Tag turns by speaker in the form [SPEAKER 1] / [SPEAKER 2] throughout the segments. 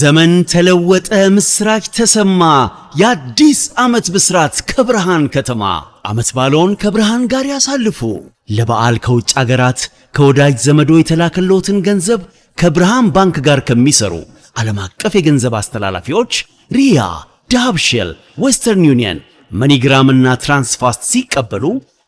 [SPEAKER 1] ዘመን ተለወጠ፣ ምስራች ተሰማ፣ የአዲስ ዓመት ብስራት ከብርሃን ከተማ። ዓመት ባለውን ከብርሃን ጋር ያሳልፉ። ለበዓል ከውጭ አገራት ከወዳጅ ዘመዶ የተላከለዎትን ገንዘብ ከብርሃን ባንክ ጋር ከሚሰሩ ዓለም አቀፍ የገንዘብ አስተላላፊዎች ሪያ፣ ዳብሽል፣ ዌስተርን ዩኒየን፣ እና ትራንስፋስት ሲቀበሉ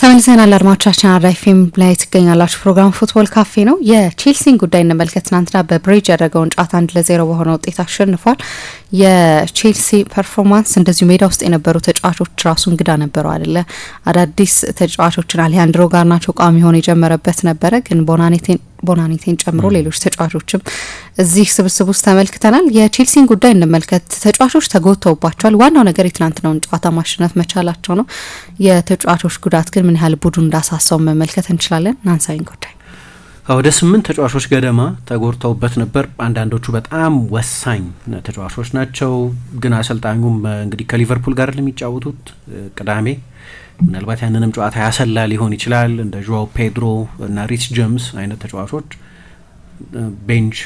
[SPEAKER 2] ተመልሰናል አድማጮቻችን፣ አራዳ ኤፍ ኤም ላይ ትገኛላችሁ። ፕሮግራም ፉትቦል ካፌ ነው። የቼልሲን ጉዳይ እንመልከት። ትናንትና በብሬጅ ያደረገውን ጨዋታ አንድ ለዜሮ በሆነ ውጤት አሸንፏል። የቼልሲ ፐርፎርማንስ እንደዚሁ ሜዳ ውስጥ የነበሩ ተጫዋቾች ራሱ እንግዳ ነበሩ አይደለ? አዳዲስ ተጫዋቾችን አሊያንድሮ ጋር ናቸው ቋሚ ሆኖ የጀመረበት ነበረ፣ ግን ቦናኔቴን ጨምሮ ሌሎች ተጫዋቾችም እዚህ ስብስብ ውስጥ ተመልክተናል። የቼልሲን ጉዳይ እንመልከት። ተጫዋቾች ተጎድተውባቸዋል። ዋናው ነገር የትናንትናውን ጨዋታ ማሸነፍ መቻላቸው ነው። የተጫዋቾች ጉዳት ግን ምን ያህል ቡድኑ እንዳሳሰው መመልከት እንችላለን። ናንሳዊን ጉዳይ
[SPEAKER 3] ወደ ስምንት ተጫዋቾች ገደማ ተጎድተውበት ነበር። አንዳንዶቹ በጣም ወሳኝ ተጫዋቾች ናቸው። ግን አሰልጣኙም እንግዲህ ከሊቨርፑል ጋር ለሚጫወቱት ቅዳሜ ምናልባት ያንንም ጨዋታ ያሰላ ሊሆን ይችላል። እንደ ዦ ፔድሮ እና ሪስ ጀምስ አይነት ተጫዋቾች ቤንች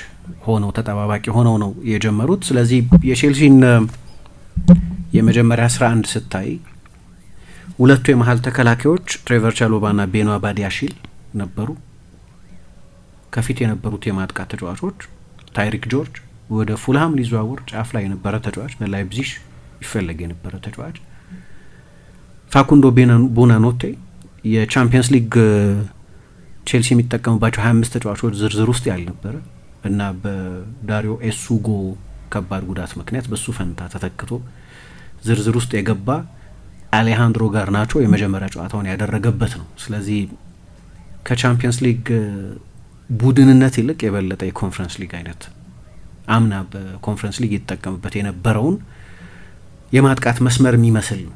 [SPEAKER 3] ሆነው ተጠባባቂ ሆነው ነው የጀመሩት። ስለዚህ የቼልሲን የመጀመሪያ አስራ አንድ ስታይ ሁለቱ የመሀል ተከላካዮች ትሬቨር ቻሎባ ና ቤኗ ባዲያሺል ነበሩ። ከፊት የነበሩት የማጥቃት ተጫዋቾች ታይሪክ ጆርጅ ወደ ፉልሃም ሊዘዋውር ጫፍ ላይ የነበረ ተጫዋች፣ በላይፕዚሽ ይፈለግ የነበረ ተጫዋች ፋኩንዶ ቡናኖቴ የቻምፒየንስ ሊግ uh, ቼልሲ የሚጠቀምባቸው 2አምስት ተጫዋቾች ዝርዝር ውስጥ ያልነበረ እና በዳሪዮ ኤሱጎ ከባድ ጉዳት ምክንያት በሱ ፈንታ ተተክቶ ዝርዝር ውስጥ የገባ አሌሃንድሮ ጋርናቾ የመጀመሪያ ጨዋታውን ያደረገበት ነው። ስለዚህ ከቻምፒየንስ ሊግ uh, ቡድንነት ይልቅ የበለጠ የኮንፈረንስ ሊግ አይነት አምና በኮንፈረንስ ሊግ ይጠቀምበት የነበረውን የማጥቃት መስመር የሚመስል ነው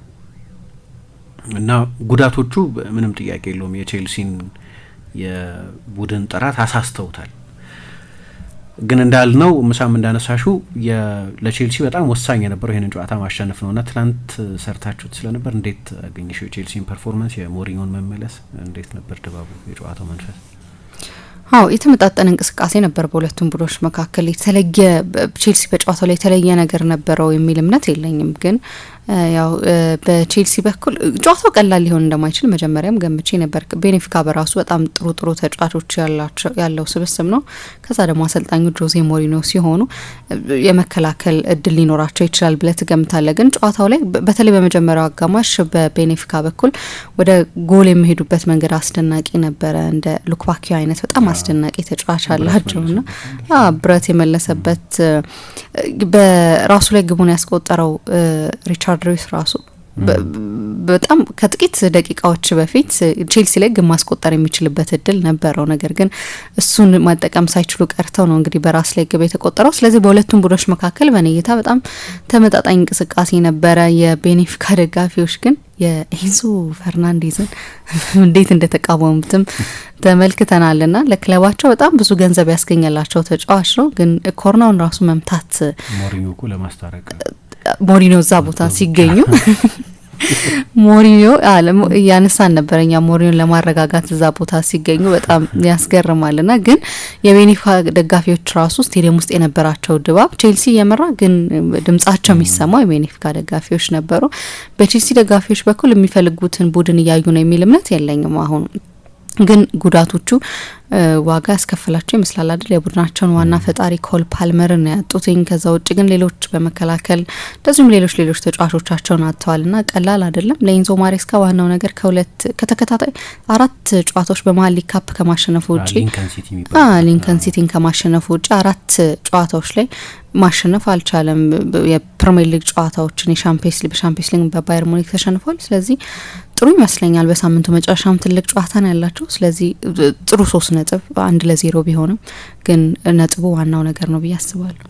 [SPEAKER 3] እና ጉዳቶቹ ምንም ጥያቄ የለውም። የቼልሲን የቡድን ጥራት አሳስተውታል። ግን እንዳልነው ምሳም እንዳነሳሹ ለቼልሲ በጣም ወሳኝ የነበረው ይህንን ጨዋታ ማሸነፍ ነው እና ትናንት ሰርታችሁት ስለነበር እንዴት አገኘሽው? የቼልሲን ፐርፎርማንስ፣ የሞሪኞን መመለስ እንዴት ነበር ድባቡ፣ የጨዋታው መንፈስ?
[SPEAKER 2] አዎ የተመጣጠነ እንቅስቃሴ ነበር በሁለቱም ቡድኖች መካከል። የተለየ ቼልሲ በጨዋታው ላይ የተለየ ነገር ነበረው የሚል እምነት የለኝም። ግን ያው በቼልሲ በኩል ጨዋታው ቀላል ሊሆን እንደማይችል መጀመሪያም ገምቼ ነበር። ቤኔፊካ በራሱ በጣም ጥሩ ጥሩ ተጫዋቾች ያለው ስብስብ ነው። ከዛ ደግሞ አሰልጣኙ ጆዜ ሞሪኖ ሲሆኑ የመከላከል እድል ሊኖራቸው ይችላል ብለ ትገምታለ። ግን ጨዋታው ላይ በተለይ በመጀመሪያው አጋማሽ በቤኔፊካ በኩል ወደ ጎል የሚሄዱበት መንገድ አስደናቂ ነበረ። እንደ ሉክባኪ አይነት በጣም አስደናቂ ተጫዋች አላቸውና ብረት የመለሰበት በራሱ ላይ ግቡን ያስቆጠረው ሪቻርድ ሪስ ራሱ በጣም ከጥቂት ደቂቃዎች በፊት ቼልሲ ላይ ግን ማስቆጠር የሚችልበት እድል ነበረው። ነገር ግን እሱን መጠቀም ሳይችሉ ቀርተው ነው እንግዲህ በራስ ላይ ግብ የተቆጠረው። ስለዚህ በሁለቱም ቡድኖች መካከል በኔ በጣም ተመጣጣኝ እንቅስቃሴ ነበረ። የቤኔፊካ ደጋፊዎች ግን የኤንዞ ፈርናንዴዝን እንዴት እንደተቃወሙትም ተመልክተናል። ና ለክለባቸው በጣም ብዙ ገንዘብ ያስገኘላቸው ተጫዋች ነው። ግን ኮርናውን ራሱ መምታት
[SPEAKER 3] ሞሪኞ ለማስታረቅ
[SPEAKER 2] ሞሪኖ እዛ ቦታ ሲገኙ ሞሪኒዮ እያነሳን ነበረ እኛ ሞሪኒዮን ለማረጋጋት እዛ ቦታ ሲገኙ በጣም ያስገርማል። ና ግን የቤኒፋ ደጋፊዎች ራሱ ስቴዲየም ውስጥ የነበራቸው ድባብ ቼልሲ እየመራ ግን ድምጻቸው የሚሰማው የቤኒፊካ ደጋፊዎች ነበሩ። በቼልሲ ደጋፊዎች በኩል የሚፈልጉትን ቡድን እያዩ ነው የሚል እምነት የለኝም አሁን ግን ጉዳቶቹ ዋጋ ያስከፈላቸው ይመስላል አይደል? የቡድናቸውን ዋና ፈጣሪ ኮል ፓልመርን ያጡትኝ። ከዛ ውጭ ግን ሌሎች በመከላከል እንደዚሁም ሌሎች ሌሎች ተጫዋቾቻቸውን አጥተዋል እና ቀላል አይደለም። ለኢንዞ ማሬስካ ዋናው ነገር ከሁለት ከተከታታይ አራት ጨዋታዎች በመሀል ሊግ ካፕ ከማሸነፉ ውጭ ሊንከን ሲቲን ከማሸነፉ ውጭ አራት ጨዋታዎች ላይ ማሸነፍ አልቻለም። የፕሪሚየር ሊግ ጨዋታዎችን የሻምፒየንስ ሊግ በሻምፒየንስ ሊግ በባየር ሙኒክ ተሸንፏል። ስለዚህ ጥሩ ይመስለኛል። በሳምንቱ መጨረሻም ትልቅ ጨዋታ ነው ያላቸው። ስለዚህ ጥሩ ሶስት ነ ነጥብ አንድ ለዜሮ ቢሆንም ግን ነጥቡ ዋናው ነገር ነው ብዬ አስባለሁ።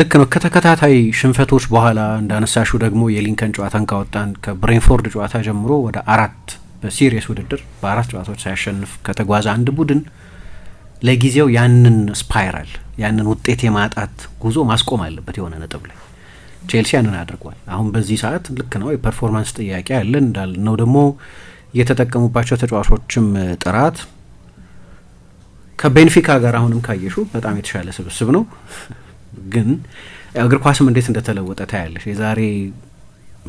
[SPEAKER 3] ልክ ነው። ከተከታታይ ሽንፈቶች በኋላ እንዳነሳሹ ደግሞ የሊንከን ጨዋታን ካወጣን ከብሬንፎርድ ጨዋታ ጀምሮ ወደ አራት በሲሪየስ ውድድር በአራት ጨዋታዎች ሳያሸንፍ ከተጓዘ አንድ ቡድን ለጊዜው ያንን ስፓይራል ያንን ውጤት የማጣት ጉዞ ማስቆም አለበት የሆነ ነጥብ ላይ። ቼልሲ ያንን አድርጓል። አሁን በዚህ ሰዓት ልክ ነው የፐርፎርማንስ ጥያቄ አለን እንዳል ነው ደግሞ የተጠቀሙባቸው ተጫዋቾችም ጥራት ከቤንፊካ ጋር አሁንም ካየሹ በጣም የተሻለ ስብስብ ነው። ግን እግር ኳስም እንዴት እንደተለወጠ ታያለሽ። የዛሬ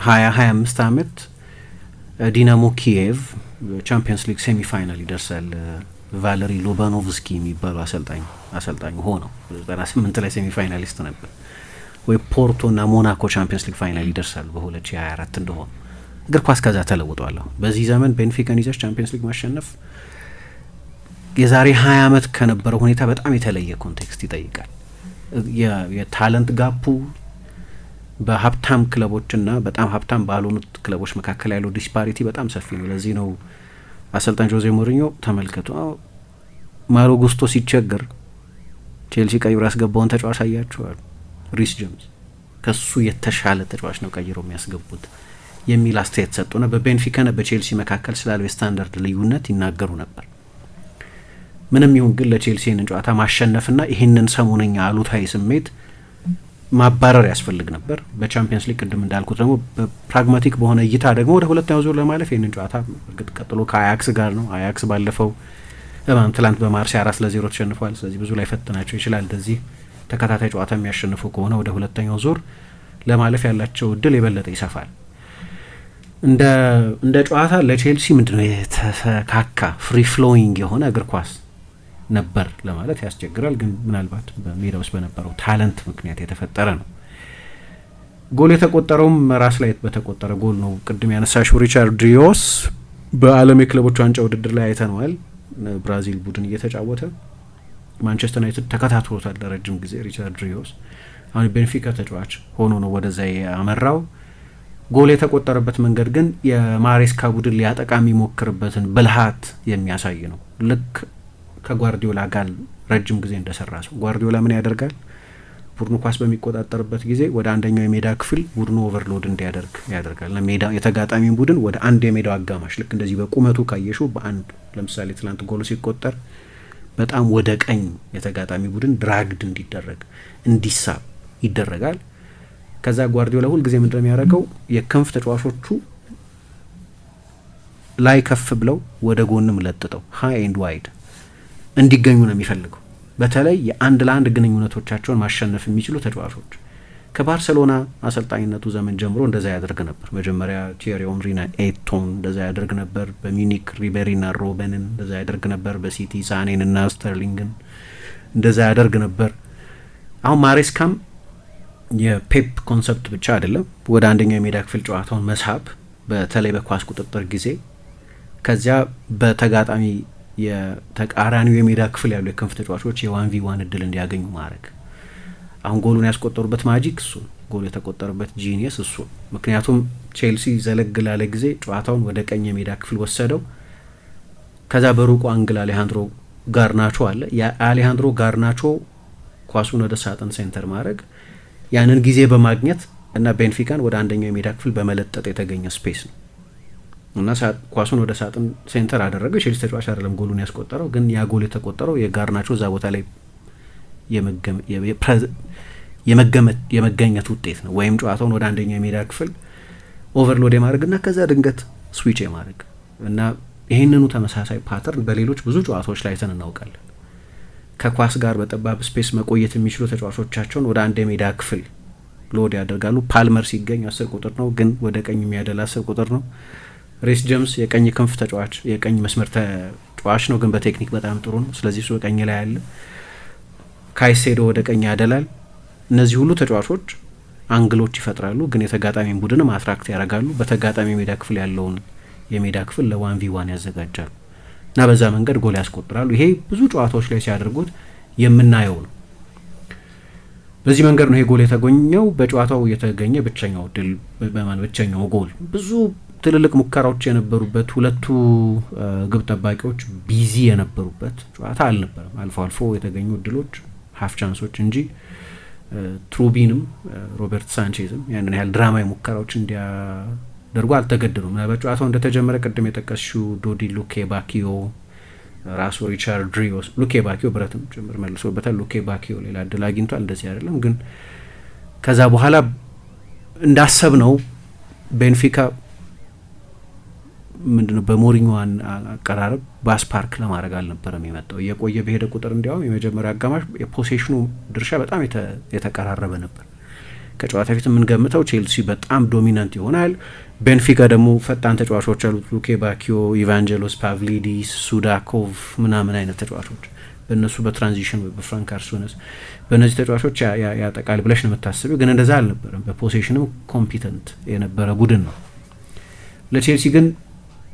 [SPEAKER 3] ሀያ ሀያ አምስት አመት ዲናሞ ኪየቭ ቻምፒየንስ ሊግ ሴሚፋይናል ይደርሳል። ቫለሪ ሎባኖቭስኪ የሚባሉ አሰልጣኝ አሰልጣኝ ሆነው ዘጠና ስምንት ላይ ሴሚፋይናሊስት ነበር። ወይ ፖርቶ እና ሞናኮ ቻምፒየንስ ሊግ ፋይናል ይደርሳሉ ሀያ አራት እንደሆኑ። እግር ኳስ ከዛ ተለውጧለሁ። በዚህ ዘመን ቤንፊካን ይዘሽ ቻምፒየንስ ሊግ ማሸነፍ የዛሬ 20 ዓመት ከነበረው ሁኔታ በጣም የተለየ ኮንቴክስት ይጠይቃል። የታለንት ጋፑ በሀብታም ክለቦችና በጣም ሀብታም ባልሆኑት ክለቦች መካከል ያለው ዲስፓሪቲ በጣም ሰፊ ነው። ለዚህ ነው አሰልጣኝ ጆዜ ሞሪኞ ተመልከቱ፣ ማሮ ጉስቶ ሲቸገር ቼልሲ ቀይሮ ያስገባውን ተጫዋች አያቸዋል። ሪስ ጀምስ ከሱ የተሻለ ተጫዋች ነው ቀይሮ የሚያስገቡት የሚል አስተያየት ሰጡና በቤንፊካና በቼልሲ መካከል ስላለው የስታንዳርድ ልዩነት ይናገሩ ነበር። ምንም ይሁን ግን ለቼልሲን ጨዋታ ማሸነፍና ይህንን ሰሞነኛ አሉታዊ ስሜት ማባረር ያስፈልግ ነበር። በቻምፒየንስ ሊግ ቅድም እንዳልኩት ደግሞ በፕራግማቲክ በሆነ እይታ ደግሞ ወደ ሁለተኛው ዙር ለማለፍ ይህንን ጨዋታ እርግጥ ቀጥሎ ከአያክስ ጋር ነው። አያክስ ባለፈው ማም ትላንት በማርሴ አራት ለዜሮ ተሸንፏል። ስለዚህ ብዙ ላይ ፈትናቸው ይችላል። እንደዚህ ተከታታይ ጨዋታ የሚያሸንፉ ከሆነ ወደ ሁለተኛው ዙር ለማለፍ ያላቸው እድል የበለጠ ይሰፋል። እንደ ጨዋታ ለቼልሲ ምንድነው የተሰካካ ፍሪ ፍሎዊንግ የሆነ እግር ኳስ ነበር ለማለት ያስቸግራል። ግን ምናልባት በሜዳ ውስጥ በነበረው ታለንት ምክንያት የተፈጠረ ነው። ጎል የተቆጠረውም ራስ ላይ በተቆጠረ ጎል ነው። ቅድም ያነሳሽው ሪቻርድ ሪዮስ በዓለም የክለቦች ዋንጫ ውድድር ላይ አይተነዋል። ብራዚል ቡድን እየተጫወተ ማንቸስተር ዩናይትድ ተከታትሎታል ለረጅም ጊዜ። ሪቻርድ ሪዮስ አሁን ቤንፊካ ተጫዋች ሆኖ ነው ወደዛ ያመራው። ጎል የተቆጠረበት መንገድ ግን የማሬስካ ቡድን ሊያጠቃ የሚሞክርበትን ብልሃት የሚያሳይ ነው ልክ ከጓርዲዮላ ጋር ረጅም ጊዜ እንደሰራ ሰው ጓርዲዮላ ምን ያደርጋል? ቡድኑ ኳስ በሚቆጣጠርበት ጊዜ ወደ አንደኛው የሜዳ ክፍል ቡድኑ ኦቨርሎድ እንዲያደርግ ያደርጋል። ሜዳ የተጋጣሚን ቡድን ወደ አንድ የሜዳው አጋማሽ ልክ እንደዚህ በቁመቱ ካየሹ በአንድ ለምሳሌ ትላንት ጎሎ ሲቆጠር በጣም ወደ ቀኝ የተጋጣሚ ቡድን ድራግድ እንዲደረግ እንዲሳብ ይደረጋል። ከዛ ጓርዲዮላ ሁልጊዜ ምንድነው የሚያደርገው? የክንፍ ተጫዋቾቹ ላይ ከፍ ብለው ወደ ጎንም ለጥጠው ሀይ ኤንድ ዋይድ እንዲገኙ ነው የሚፈልገው። በተለይ የአንድ ለአንድ ግንኙነቶቻቸውን ማሸነፍ የሚችሉ ተጫዋቾች ከባርሰሎና አሰልጣኝነቱ ዘመን ጀምሮ እንደዛ ያደርግ ነበር። መጀመሪያ ቲዬሪ ኦንሪና ኤቶን እንደዛ ያደርግ ነበር። በሚኒክ ሪቤሪና ሮበንን እንደዛ ያደርግ ነበር። በሲቲ ሳኔንና ስተርሊንግን እንደዛ ያደርግ ነበር። አሁን ማሬስካም የፔፕ ኮንሰፕት ብቻ አይደለም፣ ወደ አንደኛው የሜዳ ክፍል ጨዋታውን መሳብ፣ በተለይ በኳስ ቁጥጥር ጊዜ ከዚያ በተጋጣሚ የተቃራኒው የሜዳ ክፍል ያሉ የክንፍ ተጫዋቾች የዋን ቪ ዋን እድል እንዲያገኙ ማድረግ። አሁን ጎሉን ያስቆጠሩበት ማጂክ እሱ ጎሉ የተቆጠረበት ጂኒየስ እሱ። ምክንያቱም ቼልሲ ዘለግ ላለ ጊዜ ጨዋታውን ወደ ቀኝ የሜዳ ክፍል ወሰደው። ከዛ በሩቁ አንግል አሌሃንድሮ ጋርናቾ አለ። የአሌሃንድሮ ጋርናቾ ኳሱን ወደ ሳጥን ሴንተር ማድረግ ያንን ጊዜ በማግኘት እና ቤንፊካን ወደ አንደኛው የሜዳ ክፍል በመለጠጥ የተገኘ ስፔስ ነው። እና ኳሱን ወደ ሳጥን ሴንተር አደረገው። የቼልሲ ተጫዋች አይደለም ጎሉን ያስቆጠረው፣ ግን ያ ጎል የተቆጠረው የጋርናቾ እዛ ቦታ ላይ የመገኘት ውጤት ነው። ወይም ጨዋታውን ወደ አንደኛው የሜዳ ክፍል ኦቨርሎድ እና ከዛ ድንገት ስዊች የማድረግ እና ይህንኑ ተመሳሳይ ፓተርን በሌሎች ብዙ ጨዋታዎች ላይ አይተን እናውቃለን። ከኳስ ጋር በጠባብ ስፔስ መቆየት የሚችሉ ተጫዋቾቻቸውን ወደ አንድ የሜዳ ክፍል ሎድ ያደርጋሉ። ፓልመር ሲገኝ አስር ቁጥር ነው፣ ግን ወደ ቀኝ የሚያደላ አስር ቁጥር ነው። ሬስ ጀምስ የቀኝ ክንፍ ተጫዋች የቀኝ መስመር ተጫዋች ነው፣ ግን በቴክኒክ በጣም ጥሩ ነው። ስለዚህ እሱ ቀኝ ላይ ያለ ካይሴዶ ወደ ቀኝ ያደላል። እነዚህ ሁሉ ተጫዋቾች አንግሎች ይፈጥራሉ፣ ግን የተጋጣሚን ቡድንም አትራክት ያደርጋሉ። በተጋጣሚ የሜዳ ክፍል ያለውን የሜዳ ክፍል ለዋን ቪ ዋን ያዘጋጃሉ እና በዛ መንገድ ጎል ያስቆጥራሉ። ይሄ ብዙ ጨዋታዎች ላይ ሲያደርጉት የምናየው ነው። በዚህ መንገድ ነው ይሄ ጎል የተገኘው። በጨዋታው የተገኘ ብቸኛው ድል ብቸኛው ጎል ብዙ ትልልቅ ሙከራዎች የነበሩበት ሁለቱ ግብ ጠባቂዎች ቢዚ የነበሩበት ጨዋታ አልነበረም። አልፎ አልፎ የተገኙ እድሎች ሀፍ ቻንሶች እንጂ ትሩቢንም ሮበርት ሳንቼዝም ያንን ያህል ድራማዊ ሙከራዎች እንዲያደርጉ አልተገደሉም። በጨዋታው እንደተጀመረ ቅድም የጠቀስሽው ዶዲ ሉኬ ባኪዮ ራሱ ሪቻርድ ሪዮስ ሉኬ ባኪዮ ብረትም ጭምር መልሶበታል። ሉኬ ባኪዮ ሌላ እድል አግኝቷል። እንደዚህ አይደለም ግን ከዛ በኋላ እንዳሰብ ነው ቤንፊካ ምንድነው በሞሪኞዋን አቀራረብ ባስ ፓርክ ለማድረግ አልነበረም የመጣው። እየቆየ በሄደ ቁጥር እንዲያውም የመጀመሪያ አጋማሽ የፖሴሽኑ ድርሻ በጣም የተቀራረበ ነበር። ከጨዋታ ፊት የምንገምተው ቼልሲ በጣም ዶሚናንት ይሆናል። ቤንፊካ ደግሞ ፈጣን ተጫዋቾች አሉት፣ ሉኬ ባኪዮ፣ ኢቫንጀሎስ ፓቭሊዲስ፣ ሱዳኮቭ ምናምን አይነት ተጫዋቾች በእነሱ በትራንዚሽን ወይ በፍራንክ አርሱነስ በእነዚህ ተጫዋቾች ያጠቃል ብለሽ ነው የምታስበ ግን እንደዛ አልነበረም። በፖሴሽንም ኮምፒተንት የነበረ ቡድን ነው። ለቼልሲ ግን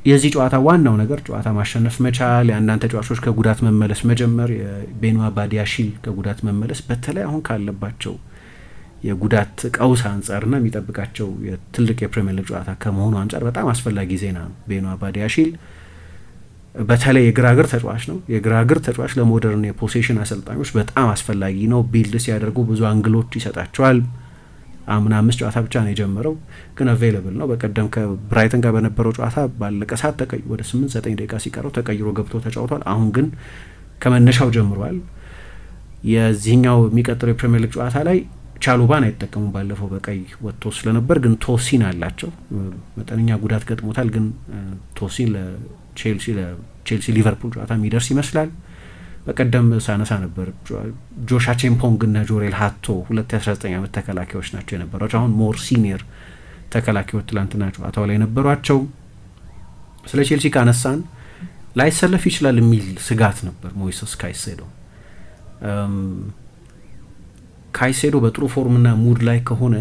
[SPEAKER 3] የዚህ ጨዋታ ዋናው ነገር ጨዋታ ማሸነፍ መቻል፣ የአንዳንድ ተጫዋቾች ከጉዳት መመለስ መጀመር፣ የቤንዋ ባዲያሺል ከጉዳት መመለስ በተለይ አሁን ካለባቸው የጉዳት ቀውስ አንጻርና የሚጠብቃቸው የትልቅ የፕሪሚየር ሊግ ጨዋታ ከመሆኑ አንጻር በጣም አስፈላጊ ዜና ነው። ቤንዋ ባዲያሺል በተለይ የግራግር ተጫዋች ነው። የግራግር ተጫዋች ለሞደርን የፖሴሽን አሰልጣኞች በጣም አስፈላጊ ነው። ቢልድ ሲያደርጉ ብዙ አንግሎች ይሰጣቸዋል። አምና አምስት ጨዋታ ብቻ ነው የጀመረው፣ ግን አቬይለብል ነው። በቀደም ከብራይተን ጋር በነበረው ጨዋታ ባለቀ ሰዓት ተቀይ ወደ ስምንት ዘጠኝ ደቂቃ ሲቀረው ተቀይሮ ገብቶ ተጫውቷል። አሁን ግን ከመነሻው ጀምሯል። የዚህኛው የሚቀጥለው የፕሪሚየር ሊግ ጨዋታ ላይ ቻሉባን አይጠቀሙም። ባለፈው በቀይ ወጥቶ ስለነበር ግን ቶሲን አላቸው። መጠነኛ ጉዳት ገጥሞታል፣ ግን ቶሲን ለቼልሲ ለቼልሲ ሊቨርፑል ጨዋታ የሚደርስ ይመስላል። በቀደም ሳነሳ ነበር ጆሻ ቼምፖንግ ና ጆሬል ሀቶ ሁለት የ19 ተከላካዮች ናቸው የነበሯቸው። አሁን ሞር ሲኒየር ተከላካዮች ትላንትና ጨዋታው ላይ የነበሯቸው። ስለ ቼልሲ ካነሳን ላይሰለፍ ይችላል የሚል ስጋት ነበር ሞይሰስ ካይሴዶ። ካይሴዶ በጥሩ ፎርምና ሙድ ላይ ከሆነ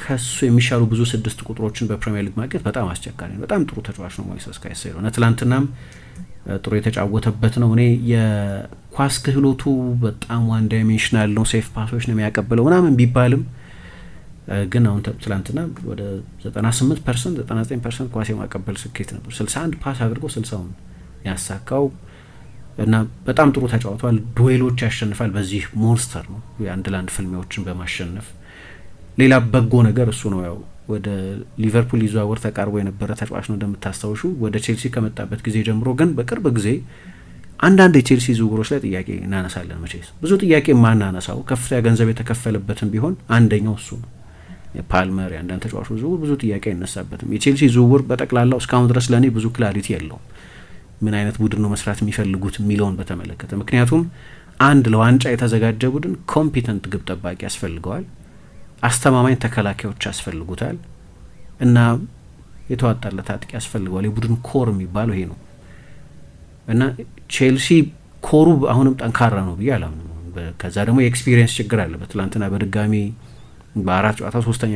[SPEAKER 3] ከሱ የሚሻሉ ብዙ ስድስት ቁጥሮችን በፕሪሚየር ሊግ ማግኘት በጣም አስቸጋሪ ነው። በጣም ጥሩ ተጫዋች ነው ሞይሰስ ካይሴዶ እና ትላንትናም ጥሩ የተጫወተበት ነው። እኔ የኳስ ክህሎቱ በጣም ዋን ዳይሜንሽናል ነው፣ ሴፍ ፓሶች ነው የሚያቀብለው ምናምን ቢባልም ግን አሁን ትላንትና ወደ 98 ፐርሰንት 99 ፐርሰንት ኳስ የማቀበል ስኬት ነበር። 61 ፓስ አድርጎ 60ውን ያሳካው እና በጣም ጥሩ ተጫውቷል። ዱዌሎች ያሸንፋል። በዚህ ሞንስተር ነው የአንድ ለአንድ ፍልሚያዎችን በማሸነፍ ሌላ በጎ ነገር እሱ ነው ያው ወደ ሊቨርፑል ሊዘዋወር ተቃርቦ የነበረ ተጫዋች ነው እንደምታስታውሹ። ወደ ቼልሲ ከመጣበት ጊዜ ጀምሮ ግን በቅርብ ጊዜ አንዳንድ የቼልሲ ዝውውሮች ላይ ጥያቄ እናነሳለን። መቼስ ብዙ ጥያቄ የማናነሳው ከፍተኛ ገንዘብ የተከፈለበትም ቢሆን አንደኛው እሱ ነው። የፓልመር የአንዳንድ ተጫዋቾች ዝውውር ብዙ ጥያቄ አይነሳበትም። የቼልሲ ዝውውር በጠቅላላው እስካሁን ድረስ ለእኔ ብዙ ክላሪቲ የለውም፣ ምን አይነት ቡድን ነው መስራት የሚፈልጉት የሚለውን በተመለከተ ምክንያቱም አንድ ለዋንጫ የተዘጋጀ ቡድን ኮምፒተንት ግብ ጠባቂ ያስፈልገዋል። አስተማማኝ ተከላካዮች ያስፈልጉታል እና የተዋጣለት አጥቂ ያስፈልገዋል። የቡድን ኮር የሚባለው ይሄ ነው እና ቼልሲ ኮሩ አሁንም ጠንካራ ነው ብዬ አላምንም። ከዛ ደግሞ የኤክስፒሪየንስ ችግር አለ። በትላንትና በድጋሚ በአራት ጨዋታ ሶስተኛ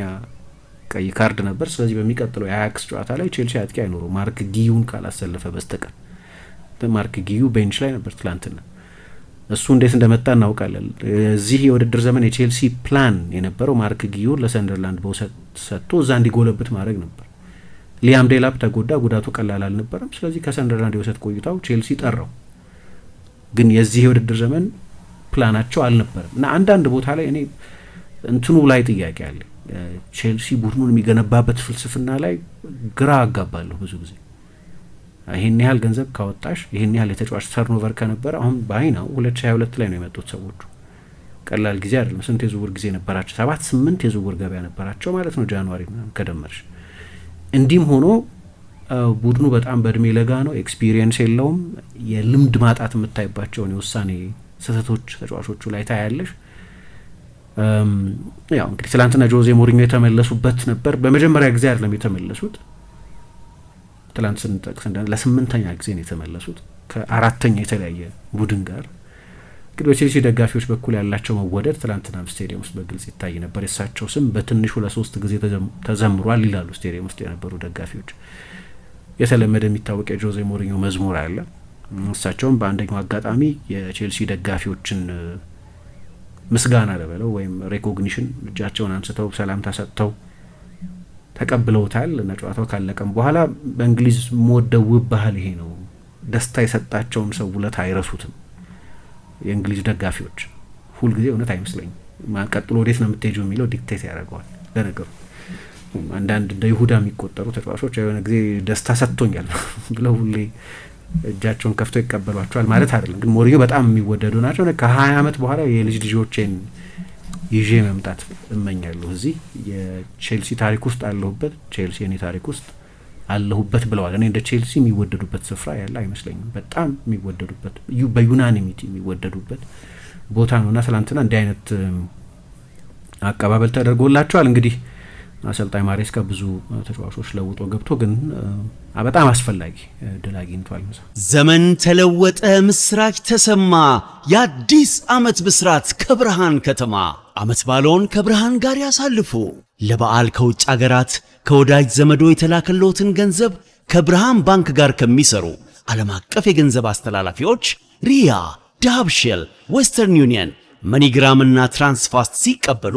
[SPEAKER 3] ቀይ ካርድ ነበር። ስለዚህ በሚቀጥለው የአያክስ ጨዋታ ላይ ቼልሲ አጥቂ አይኖሩ ማርክ ጊዩን ካላሰለፈ በስተቀር ማርክ ጊዩ ቤንች ላይ ነበር ትላንትና እሱ እንዴት እንደመጣ እናውቃለን። እዚህ የውድድር ዘመን የቼልሲ ፕላን የነበረው ማርክ ጊዮን ለሰንደርላንድ በውሰት ሰጥቶ እዛ እንዲጎለብት ማድረግ ነበር። ሊያም ዴላፕ ተጎዳ፣ ጉዳቱ ቀላል አልነበረም። ስለዚህ ከሰንደርላንድ የውሰት ቆይታው ቼልሲ ጠራው። ግን የዚህ የውድድር ዘመን ፕላናቸው አልነበረም እና አንዳንድ ቦታ ላይ እኔ እንትኑ ላይ ጥያቄ አለ። ቼልሲ ቡድኑን የሚገነባበት ፍልስፍና ላይ ግራ አጋባለሁ ብዙ ጊዜ ይህን ያህል ገንዘብ ካወጣሽ ይህን ያህል የተጫዋች ተርኖቨር ከነበረ አሁን ባይ ነው ሁለት ሺ ሀያ ሁለት ላይ ነው የመጡት ሰዎቹ። ቀላል ጊዜ አይደለም። ስንት የዝውውር ጊዜ ነበራቸው? ሰባት ስምንት የዝውውር ገበያ ነበራቸው ማለት ነው ጃንዋሪ ከደመርሽ። እንዲህም ሆኖ ቡድኑ በጣም በእድሜ ለጋ ነው፣ ኤክስፒሪየንስ የለውም። የልምድ ማጣት የምታይባቸውን የውሳኔ ስህተቶች ተጫዋቾቹ ላይ ታያለሽ። ያው እንግዲህ ትላንትና ጆዜ ሞሪኞ የተመለሱበት ነበር። በመጀመሪያ ጊዜ አይደለም የተመለሱት ትላንት ስንጠቅስ ለስምንተኛ ጊዜ ነው የተመለሱት ከአራተኛ የተለያየ ቡድን ጋር። እንግዲህ በቼልሲ ደጋፊዎች በኩል ያላቸው መወደድ ትላንትናም ስቴዲየም ውስጥ በግልጽ ይታይ ነበር። የእሳቸው ስም በትንሹ ለሶስት ጊዜ ተዘምሯል ይላሉ ስቴዲየም ውስጥ የነበሩ ደጋፊዎች። የተለመደ የሚታወቅ የጆዜ ሞሪኞ መዝሙር አለ። እሳቸውም በአንደኛው አጋጣሚ የቼልሲ ደጋፊዎችን ምስጋና ለበለው ወይም ሬኮግኒሽን እጃቸውን አንስተው ሰላምታ ሰጥተው ተቀብለውታል እና ጨዋታው ካለቀም በኋላ በእንግሊዝ ሞደው ባህል ይሄ ነው። ደስታ የሰጣቸውን ሰው ውለት አይረሱትም። የእንግሊዝ ደጋፊዎች ሁልጊዜ እውነት አይመስለኝም። ቀጥሎ ወዴት ነው የምትሄጁ የሚለው ዲክቴት ያደርገዋል። ለነገሩ አንዳንድ እንደ ይሁዳ የሚቆጠሩ ተጫዋቾች የሆነ ጊዜ ደስታ ሰጥቶኛል ብለው ሁሌ እጃቸውን ከፍተው ይቀበሏቸዋል ማለት አይደለም። ግን ሞሪዮ በጣም የሚወደዱ ናቸው። ከሀያ ዓመት በኋላ የልጅ ልጆቼን ይዤ መምጣት እመኛለሁ። እዚህ የቼልሲ ታሪክ ውስጥ አለሁበት፣ ቼልሲ የኔ ታሪክ ውስጥ አለሁበት ብለዋል። እኔ እንደ ቼልሲ የሚወደዱበት ስፍራ ያለ አይመስለኝም። በጣም የሚወደዱበት በዩናኒሚቲ የሚወደዱበት ቦታ ነው ነውና ትላንትና እንዲህ አይነት አቀባበል ተደርጎላቸዋል። እንግዲህ አሰልጣኝ ማሬስካ ብዙ ተጫዋቾች ለውጦ ገብቶ ግን በጣም አስፈላጊ ድል አግኝቷል። ዘመን ተለወጠ፣ ምስራች ተሰማ፣ የአዲስ አመት ብስራት ከብርሃን ከተማ ዓመት ባለውን ከብርሃን ጋር ያሳልፉ። ለበዓል ከውጭ አገራት ከወዳጅ ዘመዶ የተላከሎትን ገንዘብ ከብርሃን ባንክ ጋር ከሚሰሩ ዓለም አቀፍ የገንዘብ አስተላላፊዎች ሪያ፣ ዳብሽል፣ ዌስተርን ዩኒየን፣ መኒግራም እና ትራንስፋስት ሲቀበሉ